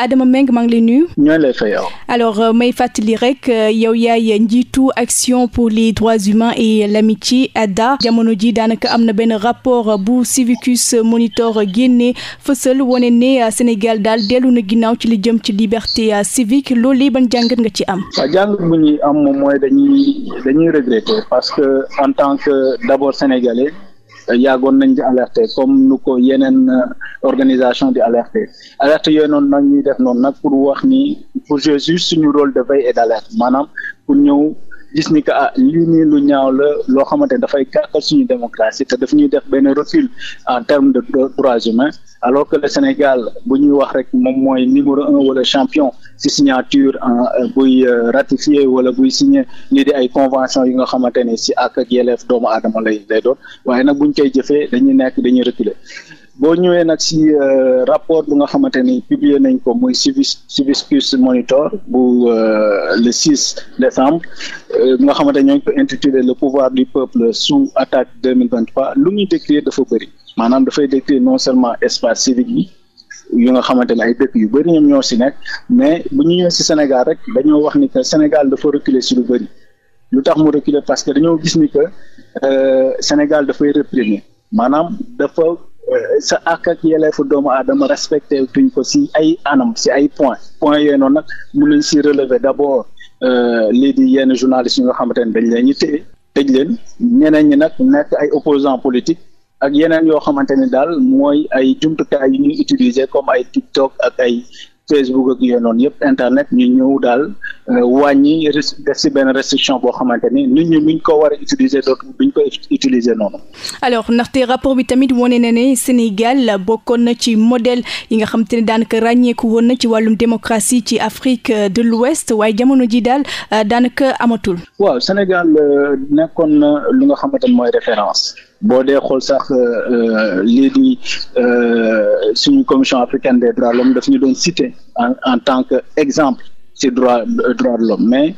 Adama Mbengue maa ngi lay nuyu. ñoo lay fay yow. alors euh, may fàttali rek euh, yow yaay njiitu action pour les droits humains et l'amitié ADHA jamono ji daanaka am na benn rapport bu Civicus Monitor génne fësal wane ne euh, Sénégal daal dellu na ginnaaw ci li jëm ci liberté civique loolu ban jàngat nga ci am. waaw jàngat bu ñuy am moom dañuy regretter parce que en tant que d'abord sénégalais. yàggoon nañ di alerter comme nu ko yeneen euh, organisation di alerter alerte yooyu noonu nag ñuy def noonu nag pour wax ni pour jouer suñu rôle de veille et d'alerte maanaam pour ñëw gis ni que ah lii nii lu ñaaw la loo xamante ne dafay gàkkal suñu démocratie te daf ñuy def benn recul en terme de droits humains alors que le Sénégal bu ñuy wax rek moom mooy numéro un wala champion si signature euh, buy euh, ratifié wala buy signé lii di ay convention yi nga xamante ne si ak ak doomu aadama lay lay doon waaye nag buñ koy jëfee dañuy nekk dañuy reculer boo ñëwee nag si euh, rapport bu nga xamante ni publié nañ ko muy civis civiscus monitor bu le 6 décembre nga xamante ñooñ ko intitulé le pouvoir du peuple sous attaque 2023 lu muy décrire dafa bëri maanaam dafay décrire non seulement espace civique bi yu nga xamante ne ay dëkk yu bëri ñoom ñoo si nekk mais bu ñu ñëwee si Sénégal rek dañoo wax ni que Sénégal dafa reculer si lu bëri lu tax mu reculer parce que dañoo gis ni que euh, Sénégal dafay réprimer maanaam dafa euh, sa àq ak doomu aadama respecté tuñ ko si ay anam si ay point point yooyu nag mu nañ si relever d' abord euh, lii di yenn journalistes yi nga xamante ne dañ leen ñu téye tëj leen ñeneen ñi nag nekk ay opposants politiques ak yeneen yoo xamante ni daal mooy ay jumtukaay yu ñuy utiliser comme ay TikTok ak ay Facebook ak yooyu noonu yëpp internet ñu ñëw daal euh, wàññi def si benn restriction boo xamante ni ñu ñi nuñ ko war a utiliser donc buñ ko utiliser noonu. alors ndaxte rapport bi tamit wane na ne Sénégal bokkoon na ci model yi nga xam te ne daanaka ràññeeku woon na ci wàllum démocratie ci Afrique euh, de l'Ouest waaye jamono ji daal euh, daanaka amatul. waaw Sénégal nekkoon na lu nga xamante ni mooy référence. boo dee xool sax euh, euh, lii di euh, suñu commission africaine des droits de l'homme daf ñu doon cité en en tant que exemple ci droit droit de l'homme mais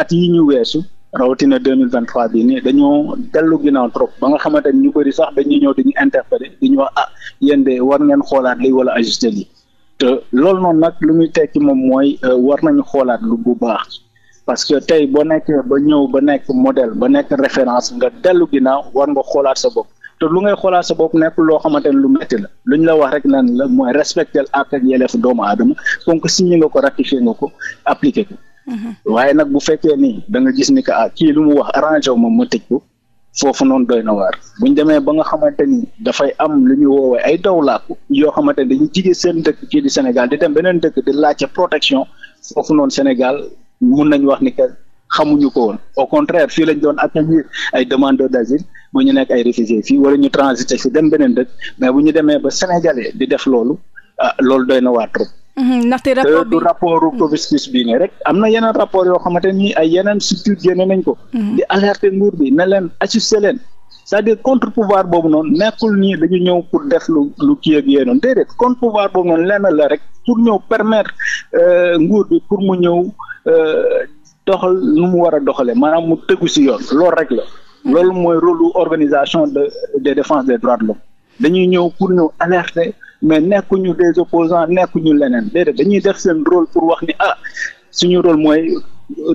at yi ñu weesu rawatina deux mille vingt trois bii nii dañoo dellu ginnaaw trop ba nga xamante ni ñu bëri sax dañuy ñëw dañuy interpellé di ñu wax ah yéen de war ngeen xoolaat li wala ajusté lii te loolu noonu nag lu muy tekki moom mooy war nañu xoolaat lu bu baax. parce que tey boo nekkee ba ñëw ba nekk model ba nekk référence nga dellu ginnaaw war nga xoolaat sa bopp te lu ngay xoolaat sa bopp nekk loo xamante ni lu métti la lu ñu la wax rek nan la mooy respecté ak ak doomu aadama donc signé nga ko ratifié nga ko appliqué ko. Mhm. waaye nag bu fekkee nii da nga gis ni que ah kii lu mu wax arrangé wu ma ma tëj ko foofu noonu doy na waar bu ñu demee ba nga xamante ni dafay am lu ñu woowee ay dawlaaku yoo xamante ni dañu jige seen dëkk kii di Sénégal di dem beneen dëkk di laajte protection foofu noonu Sénégal mun nañu wax ni que xamuñu ko woon au contraire fii lañ doon ak ay demandeurs d'asile bu ñu nekk ay réfugiés fii wala ñu transité fi dem beneen dëkk mais bu ñu demee ba sénégalais di def loolu ah, loolu doy na waat trop. Mm-hmm, ndaxte rapport bi rapport mm-hmm. Covicus bii ne rek am na yeneen rapport yoo xamante nii ay yeneen structure génne nañ ko. Mm-hmm. di alerter nguur bi na leen assister leen. cest dire contre pouvoir boobu noonu nekkul nii dañu ñëw pour def lu lu kii ak yéen noonu déedéet contre pouvoir boobu noonu lenn la rek pour ñëw permettre euh, nguur bi pour mu ñëw doxal nu mu war a doxalee maanaam mu tegu si yoon loolu rek la. loolu mooy rôle organisation de des de des droits de l'homme dañuy ñëw pour ñu alerter mais nekkuñu des opposants nekkuñu leneen déedéet dañuy def seen rôle pour wax ni ah suñu rôle mooy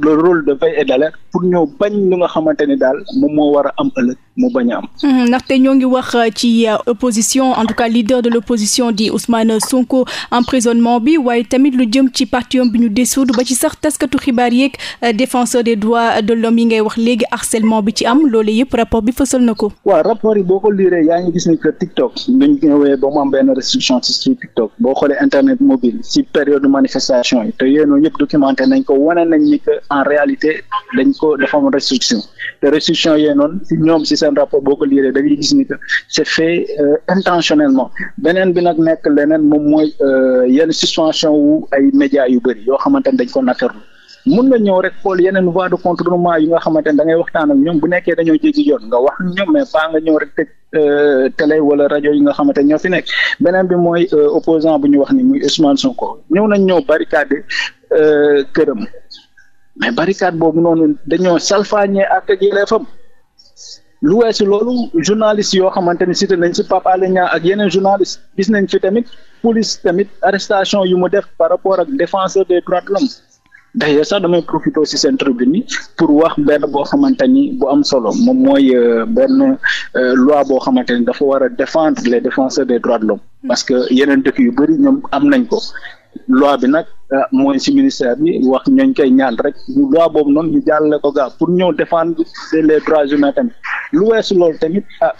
le rôle de veille et d'alerte pour ñëw bañ lu nga xamante ni daal moom moo war a am ëllëg. mu bañ a am. ndaxte ñoo ngi wax euh, ci euh, opposition en tout cas leader de l' opposition di Ousmane Sonko emprisonnement bi waaye tamit lu jëm ci partiom bi ñu dissoudre ba ci sax taskatu xibaar yeeg euh, défenseur des droits de l'homme yi ngay wax léegi harcèlement bi ci am loolu yëpp rapport bi fësal na ko. waaw rapport yi boo ko liiree yaa ngi gis ni que TikTok dañ ko woowee ba mu am benn restriction ci ci TikTok boo xoolee internet mobile ci période manifestation ñëpp documenté nañ ko wane nañ en réalité dañ ko dafa am restriction te restriction seen rapport boo ko liiree da gis ni que c'est fait euh, intentionnellement beneen bi nag nekk leneen moom mooy euh, yenn suspension wu ay médias yu bëri yoo xamante ne dañ ko nakarlu mun nga ñëw rek xool yeneen voie de contournement yi nga xamante ne da ngay waxtaan ak ñoom bu nekkee dañoo jéggi yoon nga wax ñoom mais pas nga ñëw rek teg euh, télé wala rajo yi nga xamante ne ñoo fi nekk beneen bi mooy opposant bu wax ni muy Ousmane Sonko ñëw nañ ñëw barricade këram mais barricade boobu noonu dañoo salfaañee lu si loolu journaliste yoo xamante ni cité nañ si Pape Alé ak yeneen journaliste gis nañ fi tamit police tamit arrestation yu mu def par rapport ak défenseur des droits de l'homme d'ailleurs sax damay profité aussi seen tribune yi pour wax benn boo xamante ni bu am solo moom mooy euh, benn euh, loi boo xamante ni dafa war a défendre les défenseurs des droits de l'homme mm. parce que yeneen dëkk yu bëri ñoom am nañ ko loi bi nag euh, mooy ci ministère bi wax ñooñ koy ñaan rek loi boobu noonu ñu jàllale ko gaaw pour ñëw défendre les droits humains tamit lu weesu loolu tamit ah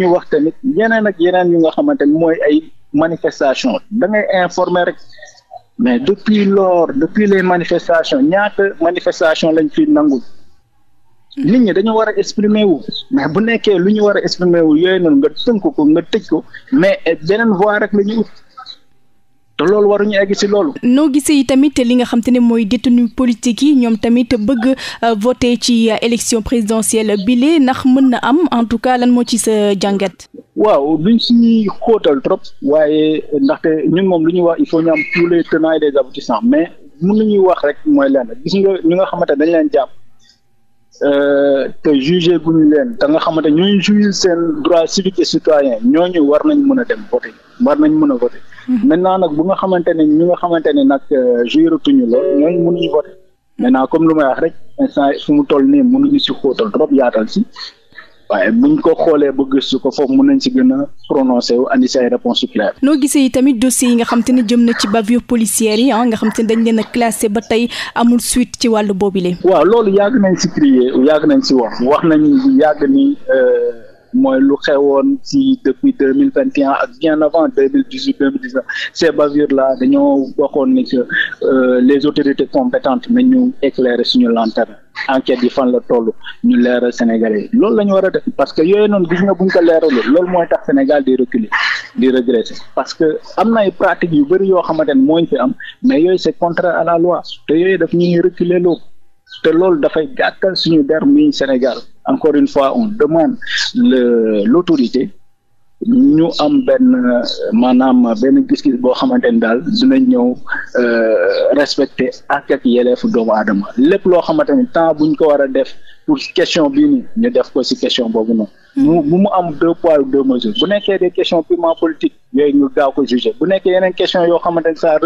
ñu wax tamit yeneen ak yeneen yu nga xamante ni mooy ay manifestation da ngay informer rek mais depuis lors depuis les manifestations ñaata manifestation lañ fi nangul nit ñi dañu war a exprimer wu mais bu nekkee lu ñu war a exprimer wu yooyu noonu nga tënk ko nga tëj ko mais beneen voie rek la ñu te loolu waruñu egg si loolu. noo gisee tamit li nga xam te ne mooy détenu politique yi ñoom tamit bëgg euh, voté ci euh, élection présidentielle bile ndax mën na am en tout cas lan moo ci sa jàngat. waaw luñ suñuy xóotal trop. waaye ndaxte ñun moom lu ñuy wax il faut ñu am tous les tenants et les aboutissants mais mën ñuy wax rek mooy lenn gis nga ñi nga xamante dañ leen jàpp. Euh, te jugé gu leen te nga xamante ñu jugé seen droit civique et citoyen ñooñu war nañ mën a dem voté war nañ mën a voté. maintenant nag bu nga xamante ne ñu nga xamante ne nag euh, joueratuñu lool ñooñu mënuñu voté maintenant comme lu may wax rek instant fu mu toll nii mënuñu si xóotal trop yaatal si waaye buñ ko xoolee ba gëstu ko foofu mun nañ si gën a prononcé wu andi si ay réponses yu claires. noo gisee yi tamit dossiers yi nga xam te ne jëm na ci bavure policière yi ah, nga xam te ne dañ leen a ba tey amul suite ci wàllu boobile. waaw loolu yàgg nañ si crier yàgg nañ si wax wax nañ yàgg euh, mooy lu xewoon si depuis deux mille vingt et un ak bien avant deux mille dix huit deux mille dix neuf ces bavures là dañoo waxoon ni que euh, les autorités compétentes nañu éclairer suñu lanterne enquête yi fan la toll ñu leeral Sénégalais yi loolu la ñu war a def parce que yooyu noonu gis nga buñ ko leeralul loolu mooy tax Sénégal di reculer di regresser parce que am na ay pratiques yu bëri yoo xamante ne moo ñu fi am mais yooyu c'est contraire à la loi te yooyu daf ñuy reculer loo te loolu dafay gàkkal suñu der muy Sénégal. encore une fois on demande le l'autorité ñu am benn maanaam benn gis boo xamante ni daal dina ñëw euh, respecter ak ak yeleefu doomu aadama lépp loo xamante ni temps buñ ko war a def pour question bii ñu def ko ci question boobu noonu. Mm-hmm. mu mu am deux poids deux mesures bu nekkee des questions purement politiques yooyu ñu gaaw ko jugé bu nekkee yeneen question yoo xamante ni ça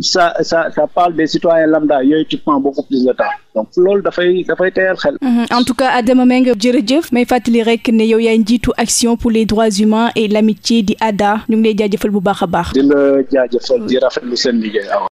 ça ça ça parle des citoyens lambda yooyu tu prends beaucoup plus de temps donc loolu dafay dafay teyal xel. Mhm. en tout cas Adama Mbengue jërëjëf may fàttali rek ne yow yaay njiitu action pour les droits humains et l'amitié di ADHA ñu ngi lay jaajëfal bu baax a baax. di la jaajëfal di rafetlu seen liggéey